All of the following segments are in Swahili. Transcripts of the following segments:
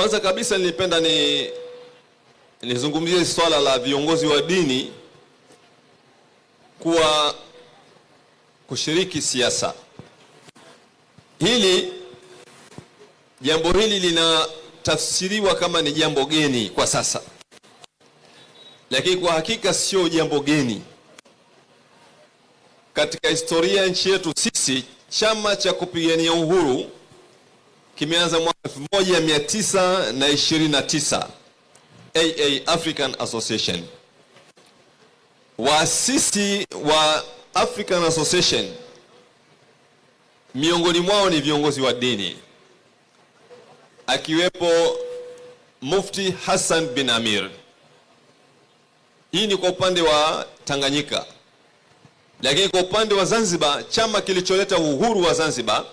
Kwanza kabisa nilipenda ni nizungumzie swala la viongozi wa dini kuwa kushiriki siasa. Hili jambo hili linatafsiriwa kama ni jambo geni kwa sasa, lakini kwa hakika sio jambo geni. Katika historia ya nchi yetu sisi, chama cha kupigania uhuru kimeanza mwaka 1929 AA African Association. Waasisi wa African Association miongoni mwao ni viongozi wa dini akiwepo Mufti Hassan bin Amir. Hii ni kwa upande wa Tanganyika, lakini kwa upande wa Zanzibar, chama kilicholeta uhuru wa Zanzibar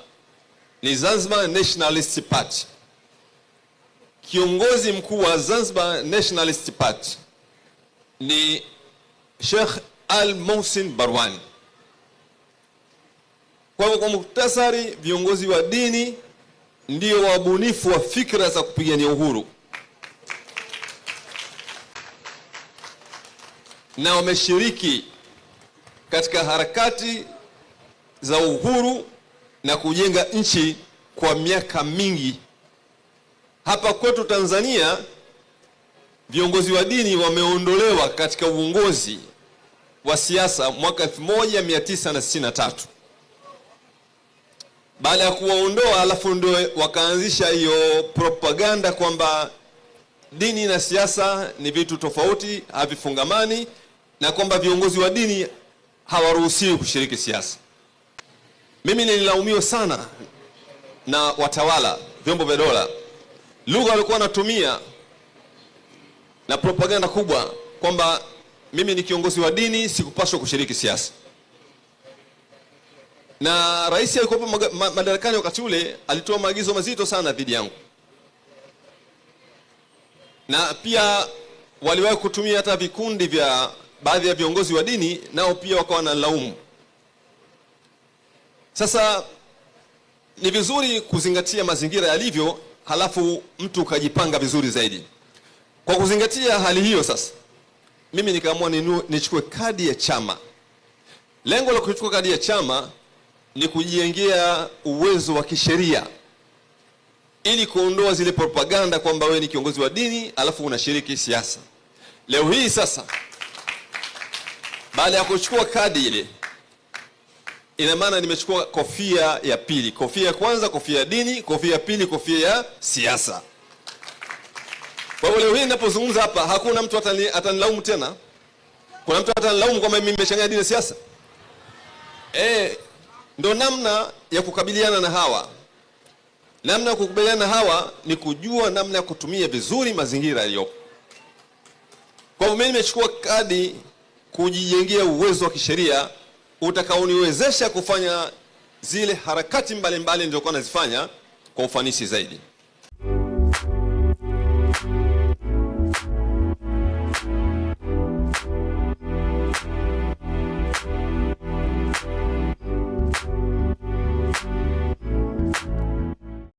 ni Zanzibar Nationalist Party. Kiongozi mkuu wa Zanzibar Nationalist Party ni Sheikh Al Mohsin Barwani. Kwa kwa muktasari, viongozi wa dini ndio wabunifu wa fikra za kupigania uhuru na wameshiriki katika harakati za uhuru na kujenga nchi kwa miaka mingi. Hapa kwetu Tanzania viongozi wa dini wameondolewa katika uongozi wa siasa mwaka 1963 baada ya kuwaondoa, alafu ndio wakaanzisha hiyo propaganda kwamba dini na siasa ni vitu tofauti, havifungamani na kwamba viongozi wa dini hawaruhusiwi kushiriki siasa. Mimi nililaumiwa sana na watawala, vyombo vya dola, lugha walikuwa wanatumia na propaganda kubwa kwamba mimi ni kiongozi wa dini, sikupaswa kushiriki siasa. Na rais alikuwa madarakani wakati ule, alitoa maagizo mazito sana dhidi yangu, na pia waliwahi kutumia hata vikundi vya baadhi ya viongozi wa dini, nao pia wakawa na laumu sasa ni vizuri kuzingatia mazingira yalivyo, halafu mtu ukajipanga vizuri zaidi. Kwa kuzingatia hali hiyo, sasa mimi nikaamua nichukue kadi ya chama. Lengo la kuchukua kadi ya chama ni kujijengea uwezo wa kisheria ili kuondoa zile propaganda kwamba wewe ni kiongozi wa dini alafu unashiriki siasa. Leo hii sasa, baada ya kuchukua kadi ile ina maana nimechukua kofia ya pili. Kofia ya kwanza, kofia ya dini, kofia ya pili, kofia ya siasa. Kwa hiyo leo hii ninapozungumza hapa, hakuna mtu atanilaumu tena. Kuna mtu atanilaumu kwamba mimi nimechanganya dini na siasa? Eh, ndo namna ya kukabiliana na hawa. Namna ya kukabiliana na hawa ni kujua namna ya kutumia vizuri mazingira yaliyopo. Kwa hiyo mimi nimechukua kadi kujijengea uwezo wa kisheria utakaoniwezesha kufanya zile harakati mbalimbali nilizokuwa nazifanya kwa ufanisi zaidi.